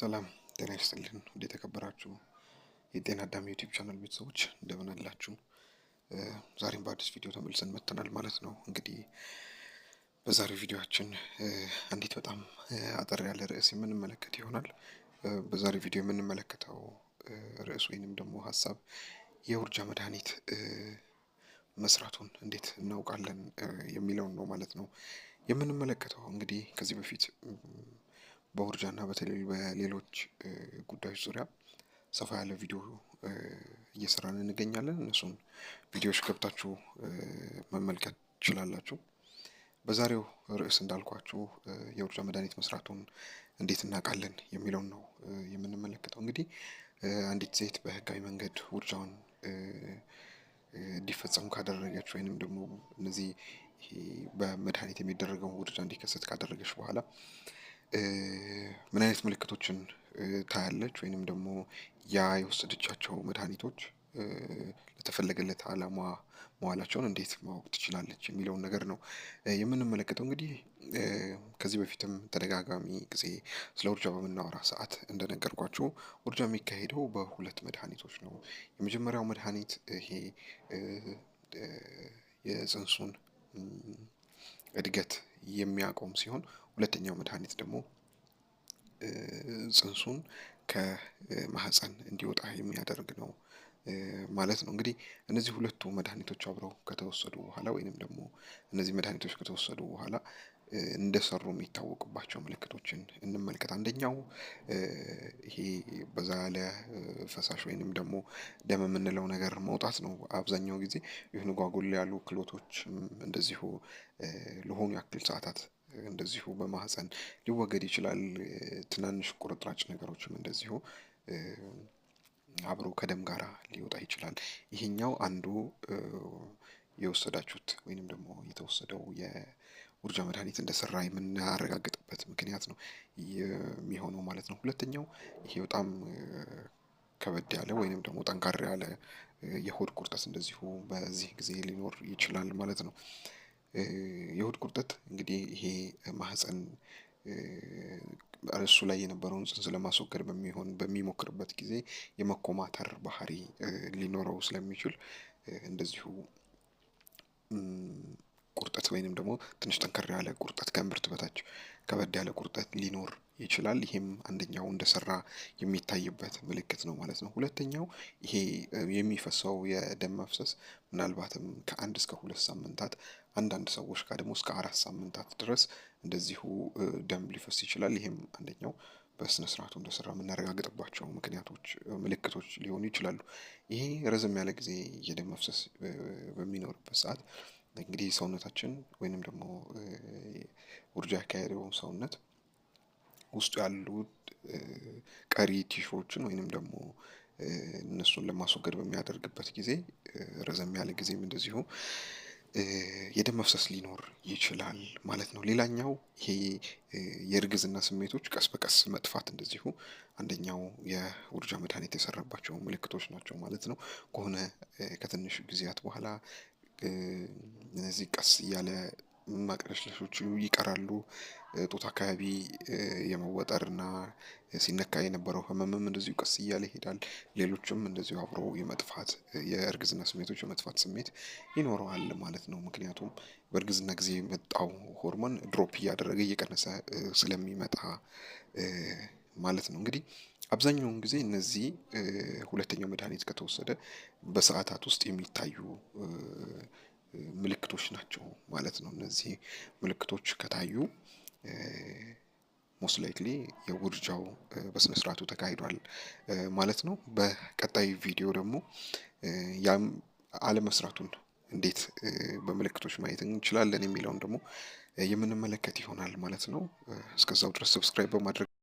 ሰላም ጤና ይስጥልን። እንደ የተከበራችሁ የጤና አዳሚ ዩቲዩብ ቻናል ቤተሰቦች እንደምን አላችሁ? ዛሬም በአዲስ ቪዲዮ ተመልሰን መጥተናል ማለት ነው። እንግዲህ በዛሬው ቪዲዮችን አንዲት በጣም አጠር ያለ ርዕስ የምንመለከት ይሆናል። በዛሬው ቪዲዮ የምንመለከተው ርዕስ ወይንም ደግሞ ሀሳብ የውርጃ መድኃኒት መስራቱን እንዴት እናውቃለን የሚለውን ነው ማለት ነው የምንመለከተው። እንግዲህ ከዚህ በፊት በውርጃና በተለይ በሌሎች ጉዳዮች ዙሪያ ሰፋ ያለ ቪዲዮ እየሰራን እንገኛለን። እነሱን ቪዲዮዎች ገብታችሁ መመልከት ትችላላችሁ። በዛሬው ርዕስ እንዳልኳችሁ የውርጃ መድኃኒት መስራቱን እንዴት እናውቃለን የሚለውን ነው የምንመለከተው። እንግዲህ አንዲት ሴት በህጋዊ መንገድ ውርጃውን እንዲፈጸሙ ካደረገች ወይንም ደግሞ እነዚህ በመድኃኒት የሚደረገው ውርጃ እንዲከሰት ካደረገች በኋላ ምን አይነት ምልክቶችን ታያለች? ወይንም ደግሞ ያ የወሰደቻቸው መድኃኒቶች ለተፈለገለት አላማ መዋላቸውን እንዴት ማወቅ ትችላለች የሚለውን ነገር ነው የምንመለከተው። እንግዲህ ከዚህ በፊትም ተደጋጋሚ ጊዜ ስለ ውርጃ በምናወራ ሰዓት እንደነገርኳቸው ውርጃ የሚካሄደው በሁለት መድኃኒቶች ነው። የመጀመሪያው መድኃኒት ይሄ የጽንሱን እድገት የሚያቆም ሲሆን ሁለተኛው መድኃኒት ደግሞ ጽንሱን ከማህፀን እንዲወጣ የሚያደርግ ነው ማለት ነው። እንግዲህ እነዚህ ሁለቱ መድኃኒቶች አብረው ከተወሰዱ በኋላ ወይንም ደግሞ እነዚህ መድኃኒቶች ከተወሰዱ በኋላ እንደሰሩ የሚታወቅባቸው ምልክቶችን እንመልከት። አንደኛው ይሄ በዛ ያለ ፈሳሽ ወይንም ደግሞ ደም የምንለው ነገር መውጣት ነው። አብዛኛው ጊዜ ይሁን ጓጉል ያሉ ክሎቶች እንደዚሁ ለሆኑ ያክል ሰዓታት እንደዚሁ በማህፀን ሊወገድ ይችላል። ትናንሽ ቁርጥራጭ ነገሮችም እንደዚሁ አብሮ ከደም ጋር ሊወጣ ይችላል። ይሄኛው አንዱ የወሰዳችሁት ወይንም ደግሞ የተወሰደው ውርጃ መድኃኒት እንደሰራ የምናረጋግጥበት ምክንያት ነው የሚሆነው ማለት ነው። ሁለተኛው ይሄ በጣም ከበድ ያለ ወይንም ደግሞ ጠንካራ ያለ የሆድ ቁርጠት እንደዚሁ በዚህ ጊዜ ሊኖር ይችላል ማለት ነው። የሆድ ቁርጠት እንግዲህ ይሄ ማህፀን እሱ ላይ የነበረውን ጽንስ ለማስወገድ በሚሆን በሚሞክርበት ጊዜ የመኮማተር ባህሪ ሊኖረው ስለሚችል እንደዚሁ ቁርጠት ወይንም ደግሞ ትንሽ ጠንከር ያለ ቁርጠት ከእምብርት በታች ከበድ ያለ ቁርጠት ሊኖር ይችላል። ይሄም አንደኛው እንደሰራ የሚታይበት ምልክት ነው ማለት ነው። ሁለተኛው ይሄ የሚፈሰው የደም መፍሰስ ምናልባትም ከአንድ እስከ ሁለት ሳምንታት አንዳንድ ሰዎች ጋር ደግሞ እስከ አራት ሳምንታት ድረስ እንደዚሁ ደም ሊፈስ ይችላል። ይሄም አንደኛው በስነ ስርዓቱ እንደሰራ የምናረጋግጥባቸው ምክንያቶች ምልክቶች ሊሆኑ ይችላሉ። ይሄ ረዘም ያለ ጊዜ የደም መፍሰስ በሚኖርበት ሰዓት እንግዲህ ሰውነታችን ወይንም ደግሞ ውርጃ ያካሄደውን ሰውነት ውስጡ ያሉ ቀሪ ቲሾዎችን ወይንም ደግሞ እነሱን ለማስወገድ በሚያደርግበት ጊዜ ረዘም ያለ ጊዜም እንደዚሁ የደም መፍሰስ ሊኖር ይችላል ማለት ነው። ሌላኛው ይሄ የእርግዝና ስሜቶች ቀስ በቀስ መጥፋት እንደዚሁ አንደኛው የውርጃ መድኃኒት የሰራባቸው ምልክቶች ናቸው ማለት ነው። ከሆነ ከትንሽ ጊዜያት በኋላ እነዚህ ቀስ እያለ ማቅለሽለሾቹ ይቀራሉ። ጡት አካባቢ የመወጠር ሲነካ የነበረው ህመምም እንደዚሁ ቀስ እያለ ይሄዳል። ሌሎችም እንደዚሁ አብሮ የመጥፋት የእርግዝና ስሜቶች የመጥፋት ስሜት ይኖረዋል ማለት ነው። ምክንያቱም በእርግዝና ጊዜ የመጣው ሆርሞን ድሮፕ እያደረገ እየቀነሰ ስለሚመጣ ማለት ነው። እንግዲህ አብዛኛውን ጊዜ እነዚህ ሁለተኛው መድኃኒት ከተወሰደ በሰዓታት ውስጥ የሚታዩ ምልክቶች ናቸው ማለት ነው። እነዚህ ምልክቶች ከታዩ ሞስት ላይክሊ የውርጃው በስነስርዓቱ ተካሂዷል ማለት ነው። በቀጣይ ቪዲዮ ደግሞ ያም አለመስራቱን እንዴት በምልክቶች ማየት እንችላለን የሚለውን ደግሞ የምንመለከት ይሆናል ማለት ነው። እስከዛው ድረስ ሰብስክራይብ በማድረግ